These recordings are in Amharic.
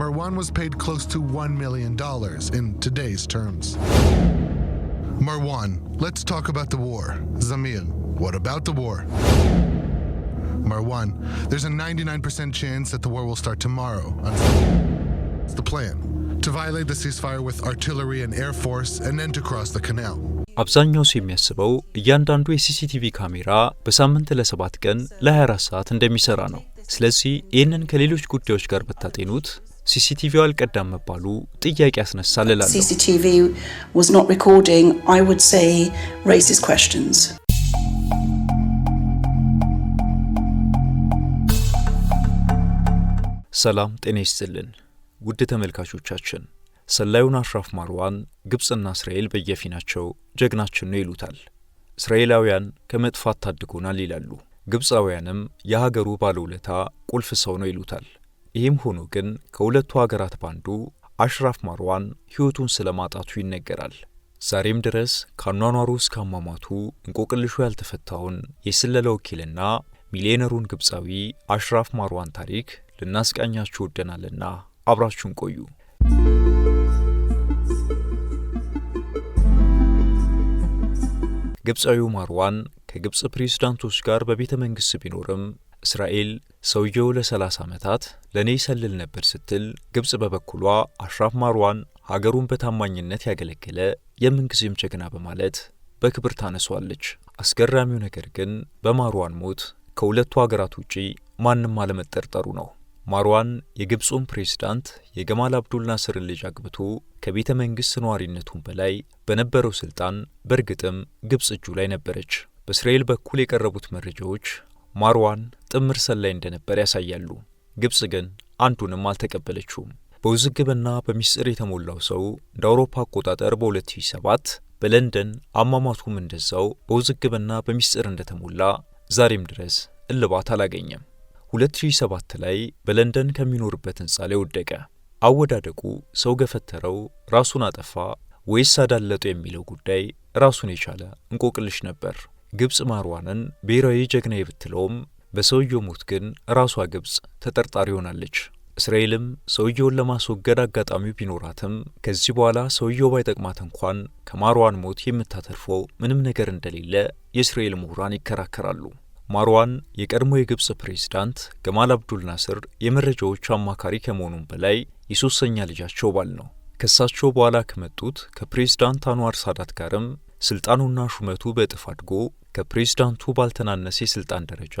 Marwan was paid close to $1 million in today's terms. Marwan, let's talk about the war. Zamil, what about the war? Marwan, there's a 99% chance that the war will start tomorrow. It's the plan to violate the ceasefire with artillery and air force and then to cross the canal. አብዛኛው ሰው የሚያስበው እያንዳንዱ የሲሲቲቪ ካሜራ በሳምንት ለሰባት ቀን ለ24 ሰዓት እንደሚሰራ ነው። ስለዚህ ይህንን ከሌሎች ጉዳዮች ጋር ብታጤኑት ሲሲቲቪ አልቀዳም መባሉ ጥያቄ ያስነሳል እላለሁ። ሰላም ጤና ይስጥልን ውድ ተመልካቾቻችን፣ ሰላዩን አሽራፍ ማርዋን ግብፅና እስራኤል በየፊናቸው ጀግናችን ነው ይሉታል። እስራኤላውያን ከመጥፋት ታድጎናል ይላሉ። ግብፃውያንም የሀገሩ ባለውለታ ቁልፍ ሰው ነው ይሉታል። ይህም ሆኖ ግን ከሁለቱ ሀገራት ባንዱ አሽራፍ ማርዋን ሕይወቱን ስለ ማጣቱ ይነገራል። ዛሬም ድረስ ከአኗኗሩ እስከ አሟሟቱ እንቆቅልሹ ያልተፈታውን የስለላ ወኪልና ሚሊዮነሩን ግብፃዊ አሽራፍ ማርዋን ታሪክ ልናስቃኛችሁ ወደናልና አብራችሁን ቆዩ። ግብፃዊው ማርዋን ከግብፅ ፕሬዝዳንቶች ጋር በቤተ መንግሥት ቢኖርም እስራኤል ሰውየው ለ30 ዓመታት ለእኔ ይሰልል ነበር ስትል፣ ግብፅ በበኩሏ አሽራፍ ማርዋን ሀገሩን በታማኝነት ያገለገለ የምንጊዜም ጀግና በማለት በክብር ታነሷለች። አስገራሚው ነገር ግን በማርዋን ሞት ከሁለቱ ሀገራት ውጪ ማንም አለመጠርጠሩ ነው። ማርዋን የግብፁን ፕሬዝዳንት የገማል አብዱል ናስርን ልጅ አግብቶ ከቤተ መንግሥት ነዋሪነቱን በላይ በነበረው ሥልጣን በእርግጥም ግብፅ እጁ ላይ ነበረች። በእስራኤል በኩል የቀረቡት መረጃዎች ማርዋን ጥምር ሰላይ እንደነበር ያሳያሉ። ግብጽ ግን አንዱንም አልተቀበለችውም። በውዝግብና በሚስጥር የተሞላው ሰው እንደ አውሮፓ አቆጣጠር በ2007 በለንደን አሟሟቱም እንደዛው በውዝግብና በሚስጥር እንደተሞላ ዛሬም ድረስ እልባት አላገኘም። 2007 ላይ በለንደን ከሚኖርበት ህንፃ ላይ ወደቀ። አወዳደቁ ሰው ገፈተረው፣ ራሱን አጠፋ ወይስ አዳለጡ የሚለው ጉዳይ ራሱን የቻለ እንቆቅልሽ ነበር። ግብጽ ማርዋንን ብሔራዊ ጀግና ብትለውም በሰውየው ሞት ግን ራሷ ግብጽ ተጠርጣሪ ሆናለች። እስራኤልም ሰውየውን ለማስወገድ አጋጣሚ ቢኖራትም ከዚህ በኋላ ሰውየው ባይጠቅማት እንኳን ከማርዋን ሞት የምታተርፈው ምንም ነገር እንደሌለ የእስራኤል ምሁራን ይከራከራሉ። ማርዋን የቀድሞ የግብጽ ፕሬዝዳንት ገማል አብዱል ናስር የመረጃዎቹ አማካሪ ከመሆኑም በላይ የሶስተኛ ልጃቸው ባል ነው። ከእሳቸው በኋላ ከመጡት ከፕሬዝዳንት አንዋር ሳዳት ጋርም ስልጣኑና ሹመቱ በእጥፍ አድጎ ከፕሬዝዳንቱ ባልተናነሰ የስልጣን ደረጃ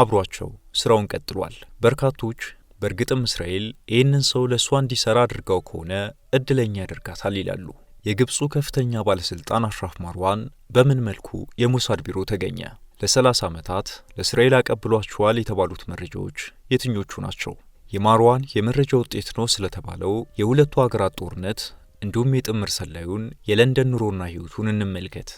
አብሯቸው ስራውን ቀጥሏል። በርካቶች በእርግጥም እስራኤል ይህንን ሰው ለእሷ እንዲሠራ አድርጋው ከሆነ እድለኛ ያደርጋታል ይላሉ። የግብፁ ከፍተኛ ባለሥልጣን አሽራፍ ማርዋን በምን መልኩ የሞሳድ ቢሮ ተገኘ? ለ30 ዓመታት ለእስራኤል አቀብሏቸዋል የተባሉት መረጃዎች የትኞቹ ናቸው? የማርዋን የመረጃ ውጤት ነው ስለተባለው የሁለቱ ሀገራት ጦርነት እንዲሁም የጥምር ሰላዩን የለንደን ኑሮና ሕይወቱን እንመልከት።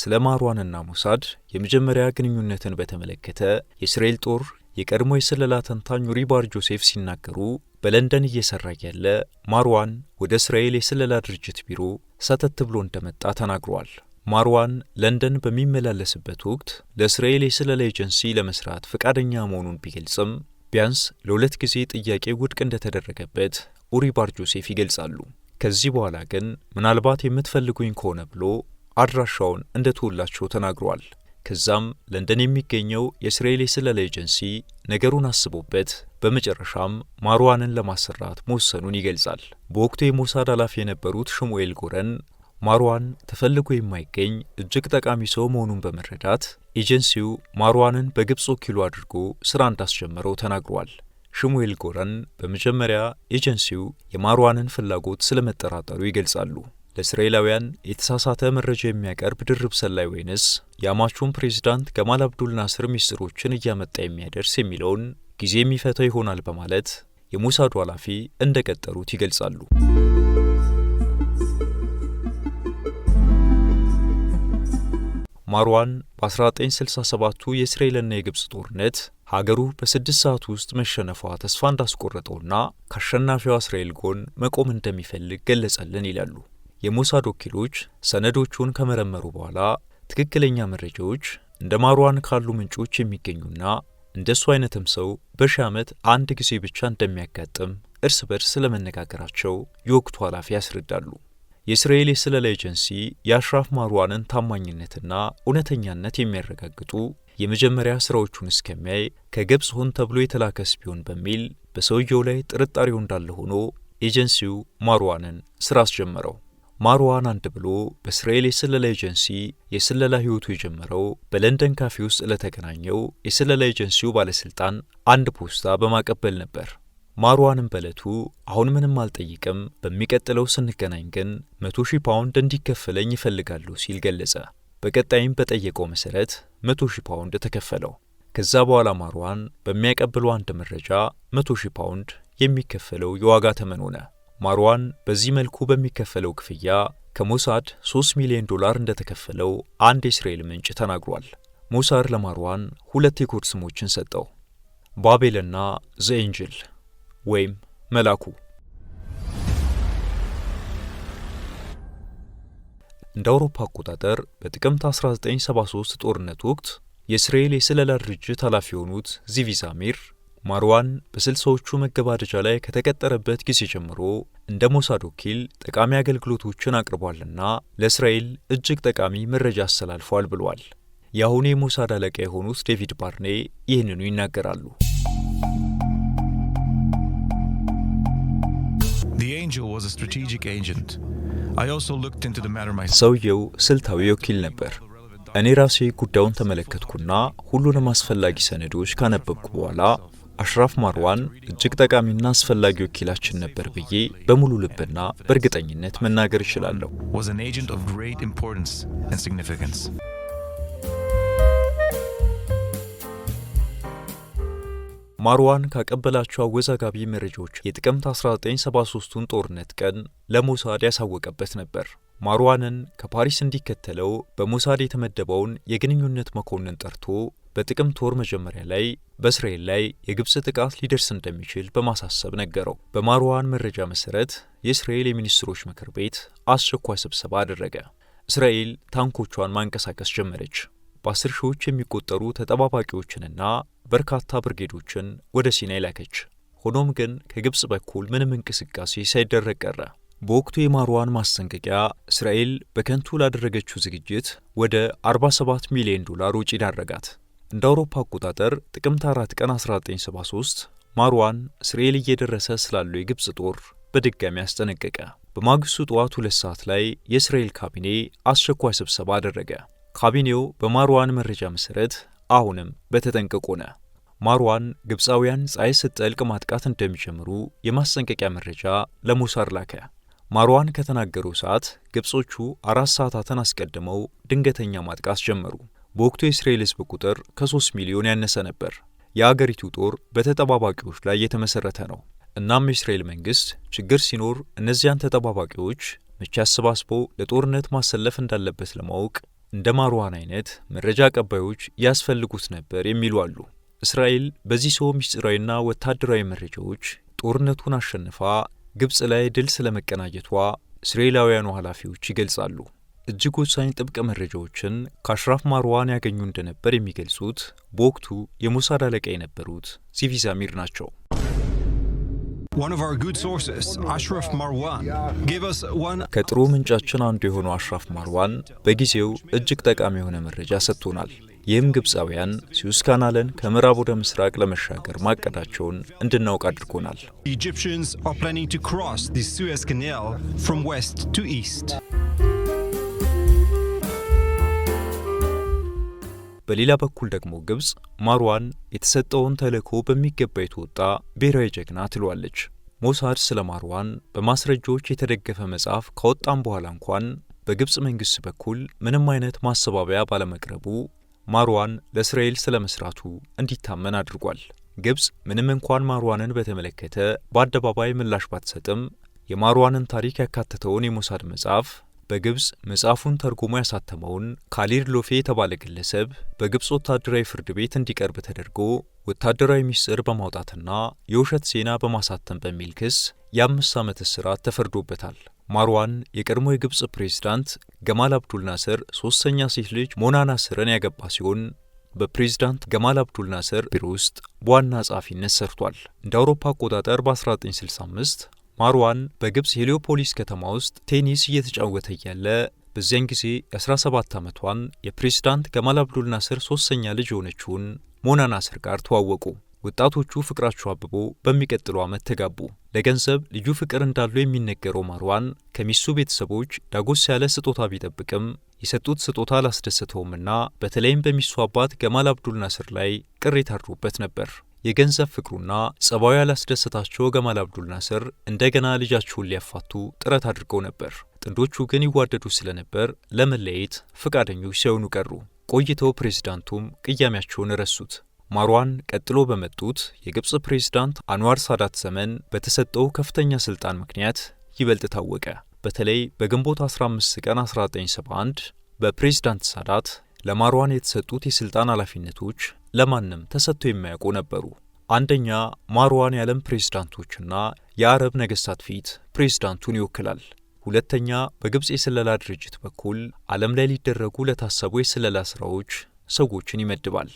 ስለ ማርዋንና ሞሳድ የመጀመሪያ ግንኙነትን በተመለከተ የእስራኤል ጦር የቀድሞ የስለላ ተንታኙ ሪባር ጆሴፍ ሲናገሩ በለንደን እየሰራ ያለ ማርዋን ወደ እስራኤል የስለላ ድርጅት ቢሮ ሰተት ብሎ እንደመጣ ተናግሯል። ማርዋን ለንደን በሚመላለስበት ወቅት ለእስራኤል የስለላ ኤጀንሲ ለመስራት ፈቃደኛ መሆኑን ቢገልጽም ቢያንስ ለሁለት ጊዜ ጥያቄ ውድቅ እንደተደረገበት ኡሪ ባር ጆሴፍ ይገልጻሉ። ከዚህ በኋላ ግን ምናልባት የምትፈልጉኝ ከሆነ ብሎ አድራሻውን እንደተወላቸው ተናግሯል። ከዛም ለንደን የሚገኘው የእስራኤል የስለላ ኤጀንሲ ነገሩን አስቦበት በመጨረሻም ማርዋንን ለማሰራት መወሰኑን ይገልጻል። በወቅቱ የሞሳድ ኃላፊ የነበሩት ሽሙኤል ጎረን ማርዋን ተፈልጎ የማይገኝ እጅግ ጠቃሚ ሰው መሆኑን በመረዳት ኤጀንሲው ማርዋንን በግብፅ ወኪሉ አድርጎ ስራ እንዳስጀመረው ተናግሯል። ሽሙኤል ጎረን በመጀመሪያ ኤጀንሲው የማርዋንን ፍላጎት ስለመጠራጠሩ ይገልጻሉ። ለእስራኤላውያን የተሳሳተ መረጃ የሚያቀርብ ድርብ ሰላይ ወይንስ የአማቹን ፕሬዚዳንት ገማል አብዱል ናስር ሚስጥሮችን እያመጣ የሚያደርስ የሚለውን ጊዜ የሚፈታው ይሆናል በማለት የሞሳዱ ኃላፊ ቀጠሩት ይገልጻሉ። ማርዋን በ1967ቱ የእስራኤልና የግብፅ ጦርነት ሀገሩ በስድስት ሰዓት ውስጥ መሸነፏ ተስፋ እንዳስቆረጠውና ከአሸናፊዋ እስራኤል ጎን መቆም እንደሚፈልግ ገለጸልን ይላሉ። የሞሳድ ወኪሎች ሰነዶቹን ከመረመሩ በኋላ ትክክለኛ መረጃዎች እንደ ማርዋን ካሉ ምንጮች የሚገኙና እንደሱ አይነትም ሰው በሺ ዓመት አንድ ጊዜ ብቻ እንደሚያጋጥም እርስ በርስ ስለመነጋገራቸው የወቅቱ ኃላፊ ያስረዳሉ። የእስራኤል የስለላ ኤጀንሲ የአሽራፍ ማርዋንን ታማኝነትና እውነተኛነት የሚያረጋግጡ የመጀመሪያ ስራዎቹን እስከሚያይ ከግብፅ ሆን ተብሎ የተላከ ቢሆን በሚል በሰውየው ላይ ጥርጣሬው እንዳለ ሆኖ ኤጀንሲው ማርዋንን ስራ አስጀመረው። ማርዋን አንድ ብሎ በእስራኤል የስለላ ኤጀንሲ የስለላ ሕይወቱ የጀመረው በለንደን ካፌ ውስጥ ለተገናኘው የስለላ ኤጀንሲው ባለሥልጣን አንድ ፖስታ በማቀበል ነበር። ማርዋንም በለቱ አሁን ምንም አልጠይቅም፣ በሚቀጥለው ስንገናኝ ግን መቶ ሺህ ፓውንድ እንዲከፈለኝ ይፈልጋሉ ሲል ገለጸ። በቀጣይም በጠየቀው መሠረት መቶ ሺህ ፓውንድ ተከፈለው። ከዛ በኋላ ማርዋን በሚያቀብለው አንድ መረጃ መቶ ሺህ ፓውንድ የሚከፈለው የዋጋ ተመን ሆነ። ማርዋን በዚህ መልኩ በሚከፈለው ክፍያ ከሞሳድ 3 ሚሊዮን ዶላር እንደተከፈለው አንድ የእስራኤል ምንጭ ተናግሯል። ሞሳድ ለማርዋን ሁለት የኮድ ስሞችን ሰጠው፣ ባቤልና ዘ ኤንጅል ወይም መላኩ። እንደ አውሮፓ አቆጣጠር በጥቅምት 1973 ጦርነት ወቅት የእስራኤል የስለላ ድርጅት ኃላፊ የሆኑት ዚቪ ዛሚር ማርዋን በስልሳዎቹ መገባደጃ ላይ ከተቀጠረበት ጊዜ ጀምሮ እንደ ሞሳድ ወኪል ጠቃሚ አገልግሎቶችን አቅርቧልና ለእስራኤል እጅግ ጠቃሚ መረጃ አስተላልፏል ብሏል። የአሁኑ የሞሳድ አለቃ የሆኑት ዴቪድ ባርኔ ይህንኑ ይናገራሉ። ሰውየው ስልታዊ ወኪል ነበር። እኔ ራሴ ጉዳዩን ተመለከትኩና ሁሉንም አስፈላጊ ሰነዶች ካነበብኩ በኋላ አሽራፍ ማርዋን እጅግ ጠቃሚና አስፈላጊ ወኪላችን ነበር ብዬ በሙሉ ልብና በእርግጠኝነት መናገር እችላለሁ። ማርዋን ካቀበላቸው አወዛጋቢ መረጃዎች የጥቅምት 1973ቱን ጦርነት ቀን ለሞሳድ ያሳወቀበት ነበር። ማርዋንን ከፓሪስ እንዲከተለው በሞሳድ የተመደበውን የግንኙነት መኮንን ጠርቶ በጥቅምት ወር መጀመሪያ ላይ በእስራኤል ላይ የግብፅ ጥቃት ሊደርስ እንደሚችል በማሳሰብ ነገረው። በማርዋን መረጃ መሰረት የእስራኤል የሚኒስትሮች ምክር ቤት አስቸኳይ ስብሰባ አደረገ። እስራኤል ታንኮቿን ማንቀሳቀስ ጀመረች። በአስር ሺዎች የሚቆጠሩ ተጠባባቂዎችንና በርካታ ብርጌዶችን ወደ ሲናይ ላከች። ሆኖም ግን ከግብፅ በኩል ምንም እንቅስቃሴ ሳይደረግ ቀረ። በወቅቱ የማርዋን ማስጠንቀቂያ እስራኤል በከንቱ ላደረገችው ዝግጅት ወደ 47 ሚሊዮን ዶላር ውጪ ዳረጋት። እንደ አውሮፓ አቆጣጠር ጥቅምት 4 ቀን 1973 ማርዋን እስራኤል እየደረሰ ስላለው የግብፅ ጦር በድጋሚ አስጠነቀቀ። በማግስቱ ጠዋት ሁለት ሰዓት ላይ የእስራኤል ካቢኔ አስቸኳይ ስብሰባ አደረገ። ካቢኔው በማርዋን መረጃ መሠረት አሁንም በተጠንቀቅ ሆነ። ማርዋን ግብፃውያን ፀሐይ ስትጠልቅ ማጥቃት እንደሚጀምሩ የማስጠንቀቂያ መረጃ ለሞሳድ ላከ። ማርዋን ከተናገሩ ሰዓት ግብጾቹ አራት ሰዓታትን አስቀድመው ድንገተኛ ማጥቃት ጀመሩ። በወቅቱ የእስራኤል ህዝብ ቁጥር ከ3 ሚሊዮን ያነሰ ነበር። የአገሪቱ ጦር በተጠባባቂዎች ላይ የተመሰረተ ነው። እናም የእስራኤል መንግስት ችግር ሲኖር እነዚያን ተጠባባቂዎች ምቻ አሰባስቦ ለጦርነት ማሰለፍ እንዳለበት ለማወቅ እንደ ማርዋን አይነት መረጃ አቀባዮች ያስፈልጉት ነበር የሚሉ አሉ። እስራኤል በዚህ ሰው ምስጢራዊና ወታደራዊ መረጃዎች ጦርነቱን አሸንፋ ግብፅ ላይ ድል ስለመቀናጀቷ እስራኤላውያኑ ኃላፊዎች ይገልጻሉ። እጅግ ወሳኝ ጥብቅ መረጃዎችን ከአሽራፍ ማርዋን ያገኙ እንደነበር የሚገልጹት በወቅቱ የሞሳድ አለቃ የነበሩት ሲቪ ዛሚር ናቸው። ከጥሩ ምንጫችን አንዱ የሆነው አሽራፍ ማርዋን በጊዜው እጅግ ጠቃሚ የሆነ መረጃ ሰጥቶናል። ይህም ግብፃውያን ስዩዝ ካናልን ከምዕራብ ወደ ምስራቅ ለመሻገር ማቀዳቸውን እንድናውቅ አድርጎናል። ኢጂፕሽንስ አር ፕላኒንግ ቱ ክሮስ ዘ ሱዌዝ ካናል ፍሮም ዌስት ቱ ኢስት በሌላ በኩል ደግሞ ግብጽ ማርዋን የተሰጠውን ተልዕኮ በሚገባ የተወጣ ብሔራዊ ጀግና ትሏለች። ሞሳድ ስለ ማርዋን በማስረጃዎች የተደገፈ መጽሐፍ ካወጣም በኋላ እንኳን በግብጽ መንግሥት በኩል ምንም አይነት ማስተባበያ ባለመቅረቡ ማርዋን ለእስራኤል ስለ መስራቱ እንዲታመን አድርጓል። ግብፅ ምንም እንኳን ማርዋንን በተመለከተ በአደባባይ ምላሽ ባትሰጥም የማርዋንን ታሪክ ያካተተውን የሞሳድ መጽሐፍ በግብፅ መጽሐፉን ተርጉሞ ያሳተመውን ካሊድ ሎፌ የተባለ ግለሰብ በግብፅ ወታደራዊ ፍርድ ቤት እንዲቀርብ ተደርጎ ወታደራዊ ሚስጥር በማውጣትና የውሸት ዜና በማሳተም በሚል ክስ የአምስት ዓመት እስራት ተፈርዶበታል። ማርዋን የቀድሞ የግብፅ ፕሬዝዳንት ገማል አብዱል ናስር ሶስተኛ ሴት ልጅ ሞና ናስርን ያገባ ሲሆን በፕሬዝዳንት ገማል አብዱል ናስር ቢሮ ውስጥ በዋና ጸሐፊነት ሰርቷል። እንደ አውሮፓ አቆጣጠር በ1965 ማርዋን በግብፅ ሄሊዮፖሊስ ከተማ ውስጥ ቴኒስ እየተጫወተ እያለ በዚያን ጊዜ የ17 ዓመቷን የፕሬዝዳንት ገማል አብዱል ናስር ሶስተኛ ልጅ የሆነችውን ሞና ናስር ጋር ተዋወቁ። ወጣቶቹ ፍቅራቸው አብቦ በሚቀጥለው ዓመት ተጋቡ። ለገንዘብ ልዩ ፍቅር እንዳለው የሚነገረው ማርዋን ከሚስቱ ቤተሰቦች ዳጎስ ያለ ስጦታ ቢጠብቅም የሰጡት ስጦታ አላስደሰተውምና በተለይም በሚስቱ አባት ገማል አብዱል ናስር ላይ ቅሬታ አድሮበት ነበር። የገንዘብ ፍቅሩና ጸባዩ ያላስደሰታቸው ገማል አብዱል ናስር እንደገና ልጃቸውን ሊያፋቱ ጥረት አድርገው ነበር። ጥንዶቹ ግን ይዋደዱ ስለነበር ለመለየት ፈቃደኞች ሳይሆኑ ቀሩ። ቆይተው ፕሬዝዳንቱም ቅያሜያቸውን ረሱት። ማርዋን ቀጥሎ በመጡት የግብፅ ፕሬዝዳንት አንዋር ሳዳት ዘመን በተሰጠው ከፍተኛ ስልጣን ምክንያት ይበልጥ ታወቀ። በተለይ በግንቦት 15 ቀን 1971 በፕሬዝዳንት ሳዳት ለማርዋን የተሰጡት የስልጣን ኃላፊነቶች ለማንም ተሰጥቶ የማያውቁ ነበሩ። አንደኛ ማርዋን የዓለም ፕሬዝዳንቶችና የአረብ ነገሥታት ፊት ፕሬዝዳንቱን ይወክላል። ሁለተኛ በግብፅ የስለላ ድርጅት በኩል ዓለም ላይ ሊደረጉ ለታሰቡ የስለላ ሥራዎች ሰዎችን ይመድባል።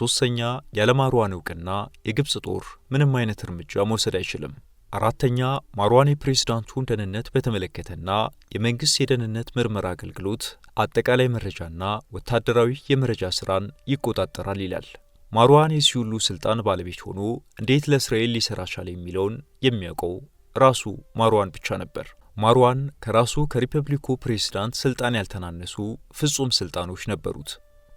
ሦስተኛ ያለ ማርዋን እውቅና የግብፅ ጦር ምንም አይነት እርምጃ መውሰድ አይችልም። አራተኛ ማርዋን የፕሬዝዳንቱን ደህንነት በተመለከተና የመንግሥት የደህንነት ምርመራ አገልግሎት አጠቃላይ መረጃና ወታደራዊ የመረጃ ሥራን ይቆጣጠራል ይላል። ማርዋን የዚህ ሁሉ ሥልጣን ባለቤት ሆኖ እንዴት ለእስራኤል ሊሠራ ቻለ የሚለውን የሚያውቀው ራሱ ማርዋን ብቻ ነበር። ማርዋን ከራሱ ከሪፐብሊኩ ፕሬዝዳንት ሥልጣን ያልተናነሱ ፍጹም ሥልጣኖች ነበሩት።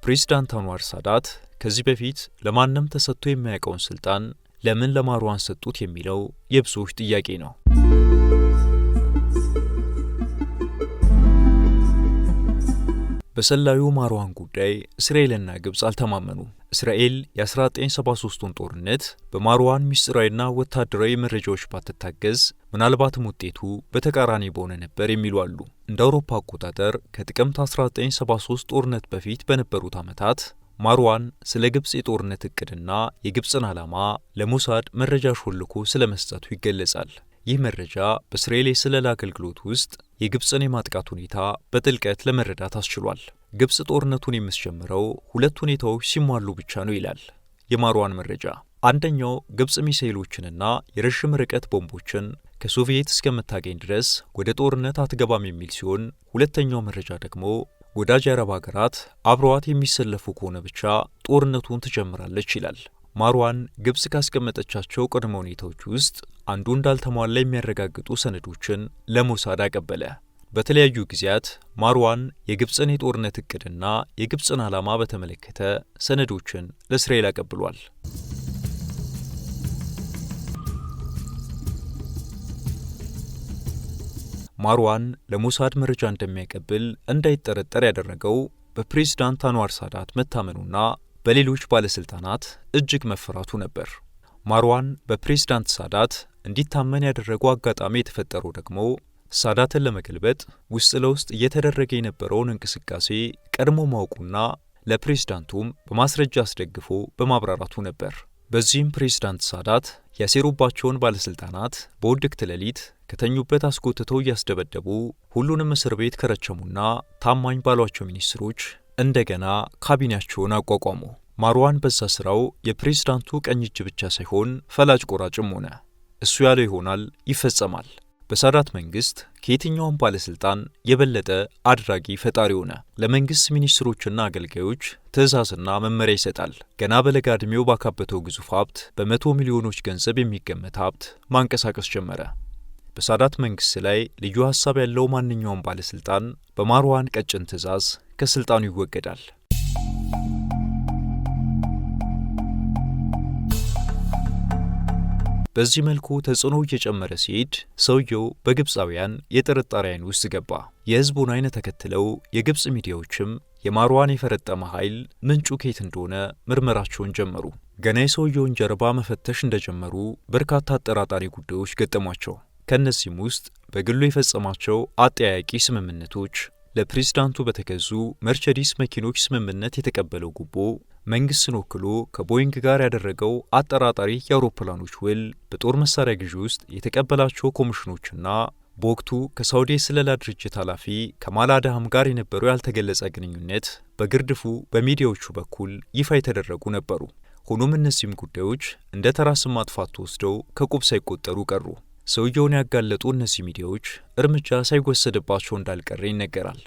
ፕሬዝዳንት አንዋር ሳዳት ከዚህ በፊት ለማንም ተሰጥቶ የማያውቀውን ሥልጣን ለምን ለማርዋን ሰጡት የሚለው የብዙዎች ጥያቄ ነው። በሰላዩ ማርዋን ጉዳይ እስራኤልና ግብፅ አልተማመኑ። እስራኤል የ1973ቱን ጦርነት በማርዋን ምስጢራዊና ወታደራዊ መረጃዎች ባትታገዝ ምናልባትም ውጤቱ በተቃራኒ በሆነ ነበር የሚሉ አሉ። እንደ አውሮፓ አቆጣጠር ከጥቅምት 1973 ጦርነት በፊት በነበሩት ዓመታት ማርዋን ስለ ግብፅ የጦርነት እቅድና የግብፅን ዓላማ ለሞሳድ መረጃ ሾልኮ ስለ መስጠቱ ይገለጻል። ይህ መረጃ በእስራኤል የስለላ አገልግሎት ውስጥ የግብፅን የማጥቃት ሁኔታ በጥልቀት ለመረዳት አስችሏል። ግብፅ ጦርነቱን የምትጀምረው ሁለት ሁኔታዎች ሲሟሉ ብቻ ነው ይላል የማርዋን መረጃ። አንደኛው ግብፅ ሚሳኤሎችንና የረዥም ርቀት ቦምቦችን ከሶቪየት እስከምታገኝ ድረስ ወደ ጦርነት አትገባም የሚል ሲሆን፣ ሁለተኛው መረጃ ደግሞ ወዳጅ አረብ ሀገራት አብረዋት የሚሰለፉ ከሆነ ብቻ ጦርነቱን ትጀምራለች ይላል። ማርዋን ግብጽ ካስቀመጠቻቸው ቅድመ ሁኔታዎች ውስጥ አንዱ እንዳልተሟላ የሚያረጋግጡ ሰነዶችን ለሞሳድ አቀበለ። በተለያዩ ጊዜያት ማርዋን የግብፅን የጦርነት እቅድና የግብፅን ዓላማ በተመለከተ ሰነዶችን ለእስራኤል አቀብሏል። ማርዋን ለሞሳድ መረጃ እንደሚያቀብል እንዳይጠረጠር ያደረገው በፕሬዝዳንት አንዋር ሳዳት መታመኑና በሌሎች ባለሥልጣናት እጅግ መፈራቱ ነበር። ማርዋን በፕሬዝዳንት ሳዳት እንዲታመን ያደረገው አጋጣሚ የተፈጠረው ደግሞ ሳዳትን ለመገልበጥ ውስጥ ለውስጥ እየተደረገ የነበረውን እንቅስቃሴ ቀድሞ ማወቁና ለፕሬዝዳንቱም በማስረጃ አስደግፎ በማብራራቱ ነበር። በዚህም ፕሬዝዳንት ሳዳት ያሴሩባቸውን ባለሥልጣናት በውድቅት ሌሊት ከተኙበት አስጎትተው እያስደበደቡ ሁሉንም እስር ቤት ከረቸሙና ታማኝ ባሏቸው ሚኒስትሮች እንደገና ካቢኔያቸውን አቋቋሙ። ማርዋን በዛ ስራው የፕሬዝዳንቱ ቀኝ እጅ ብቻ ሳይሆን ፈላጭ ቆራጭም ሆነ። እሱ ያለው ይሆናል፣ ይፈጸማል። በሳዳት መንግስት ከየትኛውም ባለስልጣን የበለጠ አድራጊ ፈጣሪ ሆነ። ለመንግስት ሚኒስትሮችና አገልጋዮች ትእዛዝና መመሪያ ይሰጣል። ገና በለጋ ዕድሜው ባካበተው ግዙፍ ሀብት በመቶ ሚሊዮኖች ገንዘብ የሚገመት ሀብት ማንቀሳቀስ ጀመረ። በሳዳት መንግስት ላይ ልዩ ሀሳብ ያለው ማንኛውም ባለስልጣን በማርዋን ቀጭን ትእዛዝ ከስልጣኑ ይወገዳል። በዚህ መልኩ ተጽዕኖ እየጨመረ ሲሄድ ሰውየው በግብፃውያን የጥርጣሬ አይን ውስጥ ገባ። የህዝቡን አይነት ተከትለው የግብፅ ሚዲያዎችም የማርዋን የፈረጠመ ኃይል ምንጩ ኬት እንደሆነ ምርመራቸውን ጀመሩ። ገና የሰውየውን ጀርባ መፈተሽ እንደጀመሩ በርካታ አጠራጣሪ ጉዳዮች ገጠሟቸው። ከእነዚህም ውስጥ በግሉ የፈጸማቸው አጠያያቂ ስምምነቶች፣ ለፕሬዝዳንቱ በተገዙ መርቸዲስ መኪኖች ስምምነት የተቀበለው ጉቦ፣ መንግስትን ወክሎ ከቦይንግ ጋር ያደረገው አጠራጣሪ የአውሮፕላኖች ውል በጦር መሳሪያ ግዢ ውስጥ የተቀበላቸው ኮሚሽኖችና በወቅቱ ከሳውዲ የስለላ ድርጅት ኃላፊ ከማል አድሃም ጋር የነበረው ያልተገለጸ ግንኙነት በግርድፉ በሚዲያዎቹ በኩል ይፋ የተደረጉ ነበሩ። ሆኖም እነዚህም ጉዳዮች እንደ ተራ ስም ማጥፋት ተወስደው ከቁብ ሳይቆጠሩ ቀሩ። ሰውየውን ያጋለጡ እነዚህ ሚዲያዎች እርምጃ ሳይወሰድባቸው እንዳልቀረ ይነገራል።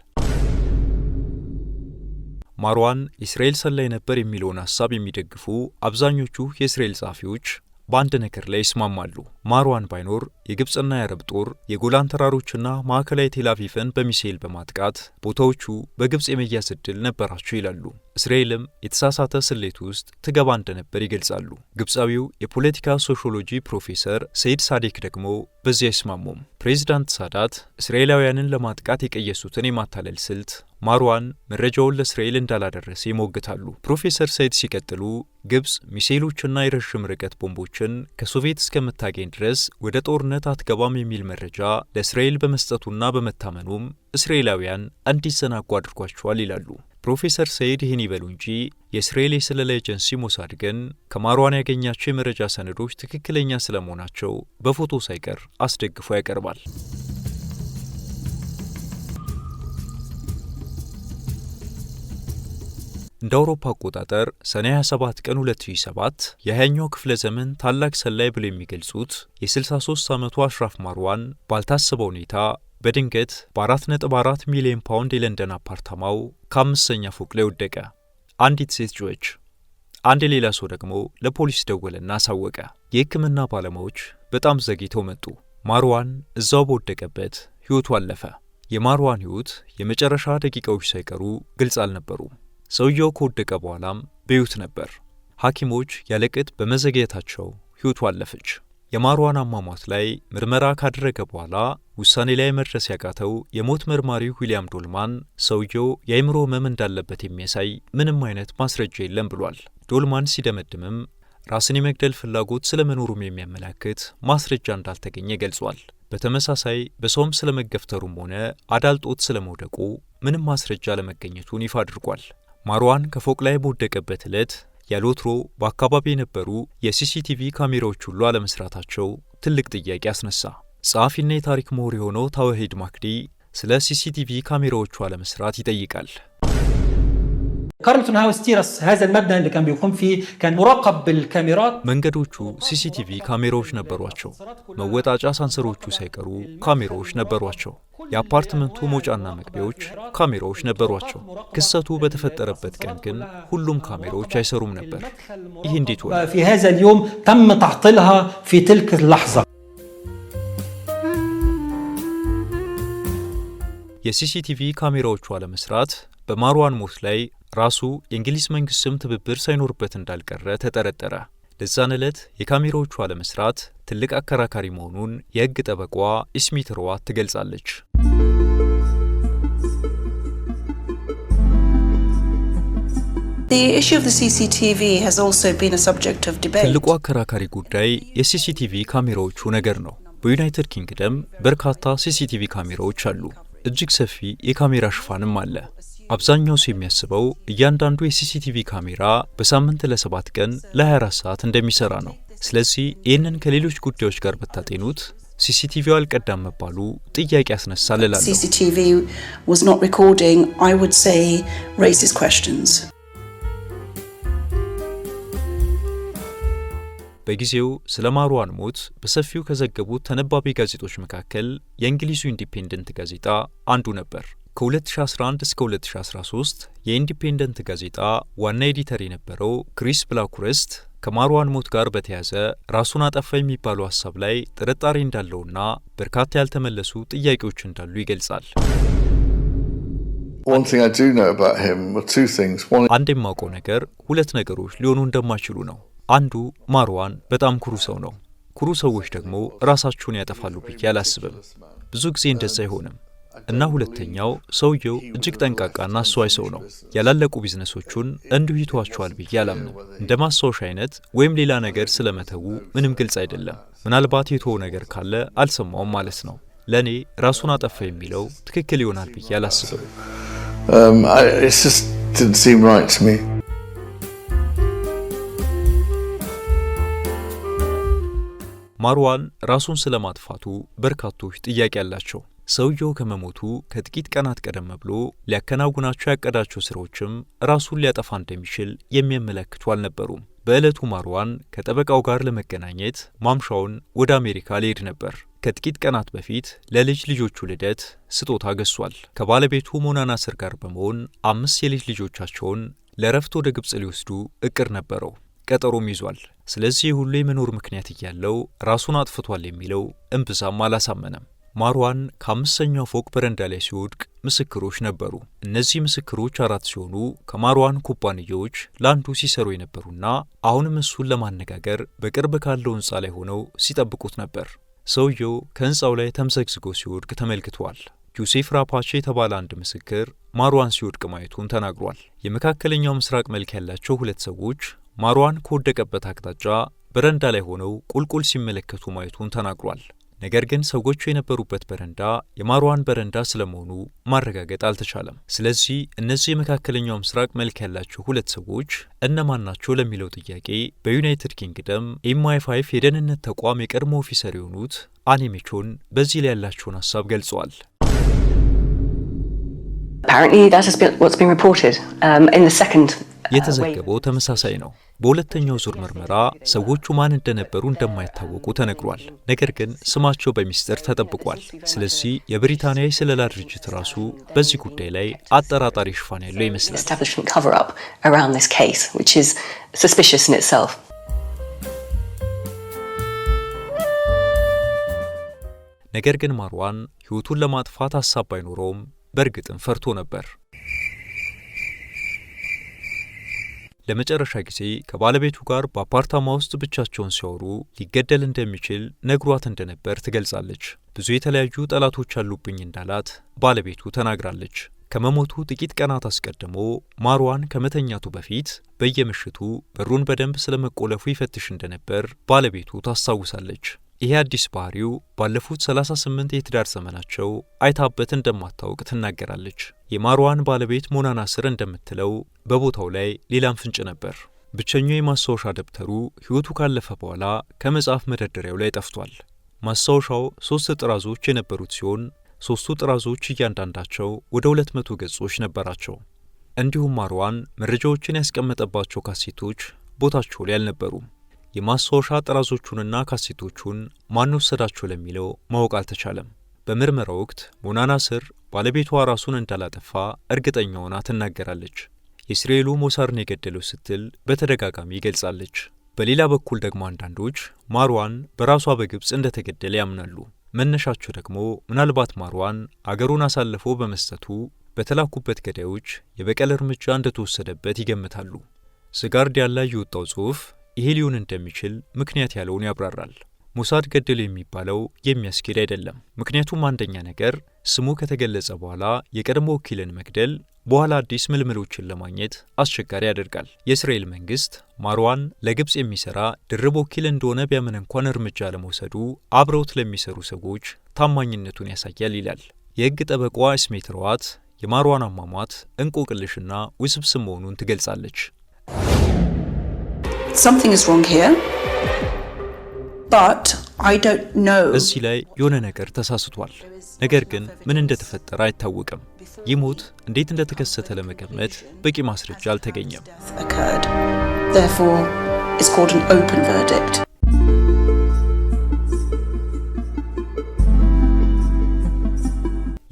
ማርዋን እስራኤል ሰላይ ነበር የሚለውን ሀሳብ የሚደግፉ አብዛኞቹ የእስራኤል ጸሐፊዎች በአንድ ነገር ላይ ይስማማሉ ማርዋን ባይኖር የግብፅና የአረብ ጦር የጎላን ተራሮችና ማዕከላዊ ቴላቪቭን በሚሳኤል በማጥቃት ቦታዎቹ በግብፅ የመያዝ ዕድል ነበራቸው ይላሉ። እስራኤልም የተሳሳተ ስሌት ውስጥ ትገባ እንደነበር ይገልጻሉ። ግብፃዊው የፖለቲካ ሶሽሎጂ ፕሮፌሰር ሰይድ ሳዴክ ደግሞ በዚህ አይስማሙም። ፕሬዚዳንት ሳዳት እስራኤላውያንን ለማጥቃት የቀየሱትን የማታለል ስልት ማርዋን መረጃውን ለእስራኤል እንዳላደረሰ ይሞግታሉ። ፕሮፌሰር ሰይድ ሲቀጥሉ ግብፅ ሚሳኤሎችና የረዥም ርቀት ቦምቦችን ከሶቪየት እስከምታገኝ ድረስ ወደ ጦርነት አትገባም የሚል መረጃ ለእስራኤል በመስጠቱና በመታመኑም እስራኤላውያን እንዲዘናጉ አድርጓቸዋል ይላሉ ፕሮፌሰር ሰይድ። ይህን ይበሉ እንጂ የእስራኤል የስለላ ኤጀንሲ ሞሳድ ግን ከማሯን ያገኛቸው የመረጃ ሰነዶች ትክክለኛ ስለመሆናቸው በፎቶ ሳይቀር አስደግፎ ያቀርባል። እንደ አውሮፓ አቆጣጠር ሰኔ 27 ቀን 2007 የ ኛው ክፍለ ዘመን ታላቅ ሰላይ ብለው የሚገልጹት የ63 ዓመቱ አሽራፍ ማርዋን ባልታሰበ ሁኔታ በድንገት በ4.4 ሚሊዮን ፓውንድ የለንደን አፓርታማው ከአምስተኛ ፎቅ ላይ ወደቀ። አንዲት ሴት ጆች አንድ ሌላ ሰው ደግሞ ለፖሊስ ደወለና አሳወቀ። የሕክምና ባለሙያዎች በጣም ዘግይተው መጡ። ማርዋን እዛው በወደቀበት ሕይወቱ አለፈ። የማርዋን ሕይወት የመጨረሻ ደቂቃዎች ሳይቀሩ ግልጽ አልነበሩም። ሰውየው ከወደቀ በኋላም በሕይወት ነበር። ሐኪሞች ያለቅጥ በመዘግየታቸው ሕይወቱ አለፈች። የማርዋን አሟሟት ላይ ምርመራ ካደረገ በኋላ ውሳኔ ላይ መድረስ ያቃተው የሞት መርማሪ ዊሊያም ዶልማን ሰውየው የአእምሮ ህመም እንዳለበት የሚያሳይ ምንም አይነት ማስረጃ የለም ብሏል። ዶልማን ሲደመድምም ራስን የመግደል ፍላጎት ስለመኖሩም የሚያመላክት ማስረጃ እንዳልተገኘ ገልጿል። በተመሳሳይ በሰውም ስለመገፍተሩም ሆነ አዳልጦት ስለመውደቁ ምንም ማስረጃ ለመገኘቱን ይፋ አድርጓል። ማርዋን ከፎቅ ላይ በወደቀበት ዕለት ያሎትሮ በአካባቢ የነበሩ የሲሲቲቪ ካሜራዎች ሁሉ አለመስራታቸው ትልቅ ጥያቄ አስነሳ። ጸሐፊና የታሪክ ምሁር የሆነው ታወሂድ ማክዲ ስለ ሲሲቲቪ ካሜራዎቹ አለመስራት ይጠይቃል። ካርልቶን ሃውስ ቲረስ ሀዘ ልመብና ሊ ካን ቢኩም ፊ ካን ሙራቀብ ብልካሜራት መንገዶቹ ሲሲቲቪ ካሜራዎች ነበሯቸው። መወጣጫ ሳንሰሮቹ ሳይቀሩ ካሜራዎች ነበሯቸው። የአፓርትመንቱ መውጫና መግቢያዎች ካሜራዎች ነበሯቸው። ክስተቱ በተፈጠረበት ቀን ግን ሁሉም ካሜራዎች አይሰሩም ነበር። ይህ እንዴት ሆነ? ፊ ሀዘ ልዮም ተም ተዕጢልሃ ፊ ትልክ ላሕዛ የሲሲቲቪ ካሜራዎቹ አለመስራት በማርዋን ሞት ላይ ራሱ የእንግሊዝ መንግሥት ስም ትብብር ሳይኖርበት እንዳልቀረ ተጠረጠረ። ለዛን ዕለት የካሜራዎቹ አለመስራት ትልቅ አከራካሪ መሆኑን የሕግ ጠበቋ ኢስሚት ሮዋት ትገልጻለች። ትልቁ አከራካሪ ጉዳይ የሲሲቲቪ ካሜራዎቹ ነገር ነው። በዩናይትድ ኪንግደም በርካታ ሲሲቲቪ ካሜራዎች አሉ። እጅግ ሰፊ የካሜራ ሽፋንም አለ። አብዛኛው ሰው የሚያስበው እያንዳንዱ የሲሲቲቪ ካሜራ በሳምንት ለሰባት ቀን ለ24 ሰዓት እንደሚሰራ ነው። ስለዚህ ይህንን ከሌሎች ጉዳዮች ጋር ብታጤኑት ሲሲቲቪው አልቀዳም መባሉ ጥያቄ ያስነሳል እላለሁ። በጊዜው ስለ ማርዋን ሞት በሰፊው ከዘገቡት ተነባቢ ጋዜጦች መካከል የእንግሊዙ ኢንዲፔንደንት ጋዜጣ አንዱ ነበር። ከ2011 እስከ 2013 የኢንዲፔንደንት ጋዜጣ ዋና ኤዲተር የነበረው ክሪስ ብላኩረስት ከማርዋን ሞት ጋር በተያዘ ራሱን አጠፋ የሚባለው ሀሳብ ላይ ጥርጣሬ እንዳለውና በርካታ ያልተመለሱ ጥያቄዎች እንዳሉ ይገልጻል። አንድ የማውቀው ነገር ሁለት ነገሮች ሊሆኑ እንደማይችሉ ነው። አንዱ ማርዋን በጣም ኩሩ ሰው ነው። ኩሩ ሰዎች ደግሞ ራሳቸውን ያጠፋሉ ብዬ አላስብም። ብዙ ጊዜ እንደዛ አይሆንም። እና ሁለተኛው ሰውየው እጅግ ጠንቃቃና አስተዋይ ሰው ነው። ያላለቁ ቢዝነሶቹን እንዲሁ ይተዋቸዋል ብዬ አላምነው። እንደ ማስታወሻ አይነት ወይም ሌላ ነገር ስለመተዉ ምንም ግልጽ አይደለም። ምናልባት የተወው ነገር ካለ አልሰማውም ማለት ነው። ለእኔ ራሱን አጠፋ የሚለው ትክክል ይሆናል ብዬ አላስብም። um, ማርዋን ራሱን ስለማጥፋቱ በርካቶች ጥያቄ አላቸው። ሰውየው ከመሞቱ ከጥቂት ቀናት ቀደም ብሎ ሊያከናውናቸው ያቀዳቸው ስራዎችም ራሱን ሊያጠፋ እንደሚችል የሚያመለክቱ አልነበሩም። በዕለቱ ማርዋን ከጠበቃው ጋር ለመገናኘት ማምሻውን ወደ አሜሪካ ሊሄድ ነበር። ከጥቂት ቀናት በፊት ለልጅ ልጆቹ ልደት ስጦታ ገሷል። ከባለቤቱ ሞናና ስር ጋር በመሆን አምስት የልጅ ልጆቻቸውን ለረፍት ወደ ግብፅ ሊወስዱ እቅድ ነበረው። ቀጠሮም ይዟል። ስለዚህ ሁሉ የመኖር ምክንያት እያለው ራሱን አጥፍቷል የሚለው እምብዛም አላሳመነም። ማርዋን ከአምስተኛው ፎቅ በረንዳ ላይ ሲወድቅ ምስክሮች ነበሩ። እነዚህ ምስክሮች አራት ሲሆኑ ከማርዋን ኩባንያዎች ለአንዱ ሲሰሩ የነበሩና አሁንም እሱን ለማነጋገር በቅርብ ካለው ሕንፃ ላይ ሆነው ሲጠብቁት ነበር። ሰውየው ከህንፃው ላይ ተምዘግዝጎ ሲወድቅ ተመልክቷል። ጆሴፍ ራፓቼ የተባለ አንድ ምስክር ማርዋን ሲወድቅ ማየቱን ተናግሯል። የመካከለኛው ምስራቅ መልክ ያላቸው ሁለት ሰዎች ማርዋን ከወደቀበት አቅጣጫ በረንዳ ላይ ሆነው ቁልቁል ሲመለከቱ ማየቱን ተናግሯል። ነገር ግን ሰዎቹ የነበሩበት በረንዳ የማርዋን በረንዳ ስለመሆኑ ማረጋገጥ አልተቻለም። ስለዚህ እነዚህ የመካከለኛው ምስራቅ መልክ ያላቸው ሁለት ሰዎች እነማን ናቸው ለሚለው ጥያቄ በዩናይትድ ኪንግደም ኤምአይ ፋይፍ የደህንነት ተቋም የቀድሞ ኦፊሰር የሆኑት አኔሜቾን በዚህ ላይ ያላቸውን ሀሳብ ገልጸዋል። Apparently that what's been reported um, in the second የተዘገበው ተመሳሳይ ነው። በሁለተኛው ዙር ምርመራ ሰዎቹ ማን እንደነበሩ እንደማይታወቁ ተነግሯል። ነገር ግን ስማቸው በሚስጥር ተጠብቋል። ስለዚህ የብሪታንያ የስለላ ድርጅት ራሱ በዚህ ጉዳይ ላይ አጠራጣሪ ሽፋን ያለው ይመስላል። ነገር ግን ማርዋን ሕይወቱን ለማጥፋት ሀሳብ ባይኖረውም በእርግጥም ፈርቶ ነበር። ለመጨረሻ ጊዜ ከባለቤቱ ጋር በአፓርታማ ውስጥ ብቻቸውን ሲያወሩ ሊገደል እንደሚችል ነግሯት እንደነበር ትገልጻለች። ብዙ የተለያዩ ጠላቶች አሉብኝ እንዳላት ባለቤቱ ተናግራለች። ከመሞቱ ጥቂት ቀናት አስቀድሞ ማርዋን ከመተኛቱ በፊት በየምሽቱ በሩን በደንብ ስለመቆለፉ ይፈትሽ እንደነበር ባለቤቱ ታስታውሳለች። ይሄ አዲስ ባህሪው ባለፉት 38 የትዳር ዘመናቸው አይታበት እንደማታውቅ ትናገራለች። የማርዋን ባለቤት ሞና ናስር እንደምትለው በቦታው ላይ ሌላም ፍንጭ ነበር። ብቸኛው የማስታወሻ ደብተሩ ሕይወቱ ካለፈ በኋላ ከመጽሐፍ መደርደሪያው ላይ ጠፍቷል። ማስታወሻው ሦስት ጥራዞች የነበሩት ሲሆን ሦስቱ ጥራዞች እያንዳንዳቸው ወደ 200 ገጾች ነበራቸው። እንዲሁም ማርዋን መረጃዎችን ያስቀመጠባቸው ካሴቶች ቦታቸው ላይ አልነበሩም። የማስታወሻ ጠራዞቹንና ካሴቶቹን ማን ወሰዳቸው ለሚለው ማወቅ አልተቻለም። በምርመራ ወቅት ሞናና ስር ባለቤቷ ራሱን እንዳላጠፋ እርግጠኛ ሆና ትናገራለች። የእስራኤሉ ሞሳርን የገደለው ስትል በተደጋጋሚ ይገልጻለች። በሌላ በኩል ደግሞ አንዳንዶች ማርዋን በራሷ በግብፅ እንደተገደለ ያምናሉ። መነሻቸው ደግሞ ምናልባት ማርዋን አገሩን አሳልፎ በመስጠቱ በተላኩበት ገዳዮች የበቀል እርምጃ እንደተወሰደበት ይገምታሉ። ዘጋርዲያን ላይ የወጣው ጽሑፍ ይሄ ሊሆን እንደሚችል ምክንያት ያለውን ያብራራል። ሞሳድ ገደል የሚባለው የሚያስኬድ አይደለም። ምክንያቱም አንደኛ ነገር ስሙ ከተገለጸ በኋላ የቀድሞ ወኪልን መግደል በኋላ አዲስ ምልምሎችን ለማግኘት አስቸጋሪ ያደርጋል። የእስራኤል መንግስት ማርዋን ለግብፅ የሚሰራ ድርብ ወኪል እንደሆነ ቢያምን እንኳን እርምጃ ለመውሰዱ አብረውት ለሚሰሩ ሰዎች ታማኝነቱን ያሳያል ይላል። የህግ ጠበቋ ስሜት ረዋት የማርዋን አሟሟት እንቆቅልሽና ውስብስብ መሆኑን ትገልጻለች። something is wrong here, but I don't know። እዚህ ላይ የሆነ ነገር ተሳስቷል፣ ነገር ግን ምን እንደተፈጠረ አይታወቅም። ይህ ሞት እንዴት እንደተከሰተ ለመገመት በቂ ማስረጃ አልተገኘም።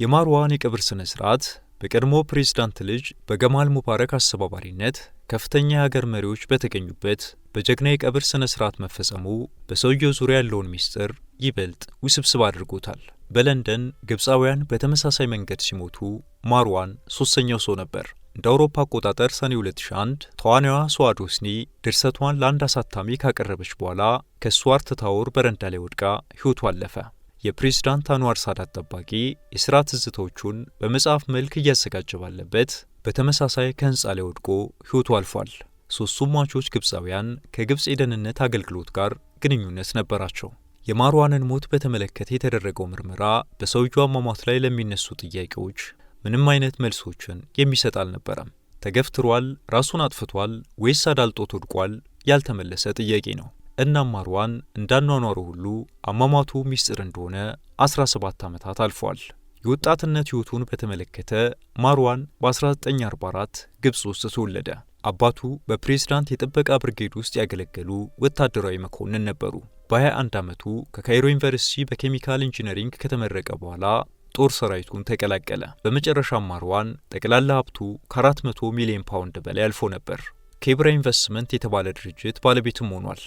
የማርዋን የቀብር ስነ ስርዓት በቀድሞ ፕሬዝዳንት ልጅ በገማል ሙባረክ አስተባባሪነት ከፍተኛ የሀገር መሪዎች በተገኙበት በጀግና የቀብር ስነ ስርዓት መፈጸሙ በሰውየው ዙሪያ ያለውን ሚስጥር ይበልጥ ውስብስብ አድርጎታል። በለንደን ግብፃውያን በተመሳሳይ መንገድ ሲሞቱ ማርዋን ሶስተኛው ሰው ነበር። እንደ አውሮፓ አቆጣጠር ሰኔ 2001 ተዋናዋ ሱአድ ሆስኒ ድርሰቷን ለአንድ አሳታሚ ካቀረበች በኋላ ከስዋርት ታወር በረንዳ ላይ ወድቃ ሕይወቱ አለፈ። የፕሬዝዳንት አንዋር ሳዳት ጠባቂ የሥራ ትዝታዎቹን በመጽሐፍ መልክ እያዘጋጀ ባለበት በተመሳሳይ ከህንፃ ላይ ወድቆ ሕይወቱ አልፏል። ሦስቱም ሟቾች ግብፃውያን ከግብፅ የደህንነት አገልግሎት ጋር ግንኙነት ነበራቸው። የማርዋንን ሞት በተመለከተ የተደረገው ምርመራ በሰውየው አሟሟት ላይ ለሚነሱ ጥያቄዎች ምንም አይነት መልሶችን የሚሰጥ አልነበረም። ተገፍትሯል፣ ራሱን አጥፍቷል ወይስ አዳልጦት ወድቋል? ያልተመለሰ ጥያቄ ነው። እናም ማርዋን እንዳኗኗሩ ሁሉ አሟሟቱ ሚስጥር እንደሆነ 17 ዓመታት አልፏል። የወጣትነት ሕይወቱን በተመለከተ ማርዋን በ1944 ግብፅ ውስጥ ተወለደ። አባቱ በፕሬዝዳንት የጥበቃ ብርጌድ ውስጥ ያገለገሉ ወታደራዊ መኮንን ነበሩ። በ21 ዓመቱ ከካይሮ ዩኒቨርሲቲ በኬሚካል ኢንጂነሪንግ ከተመረቀ በኋላ ጦር ሰራዊቱን ተቀላቀለ። በመጨረሻ ማርዋን ጠቅላላ ሀብቱ ከ400 ሚሊዮን ፓውንድ በላይ አልፎ ነበር። ኬብራ ኢንቨስትመንት የተባለ ድርጅት ባለቤትም ሆኗል።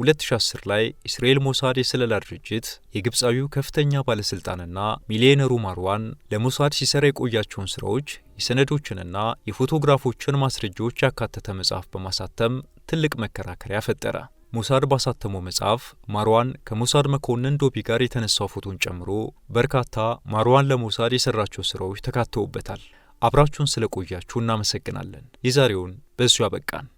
2010 ላይ እስራኤል ሞሳድ የስለላ ድርጅት የግብፃዊው ከፍተኛ ባለሥልጣንና ሚሊዮነሩ ማርዋን ለሞሳድ ሲሰራ የቆያቸውን ሥራዎች የሰነዶችንና የፎቶግራፎችን ማስረጃዎች ያካተተ መጽሐፍ በማሳተም ትልቅ መከራከሪያ ፈጠረ። ሞሳድ ባሳተመው መጽሐፍ ማርዋን ከሞሳድ መኮንን ዶቢ ጋር የተነሳው ፎቶን ጨምሮ በርካታ ማርዋን ለሞሳድ የሠራቸው ሥራዎች ተካተውበታል። አብራችሁን ስለቆያችሁ እናመሰግናለን። የዛሬውን በዚሁ አበቃን።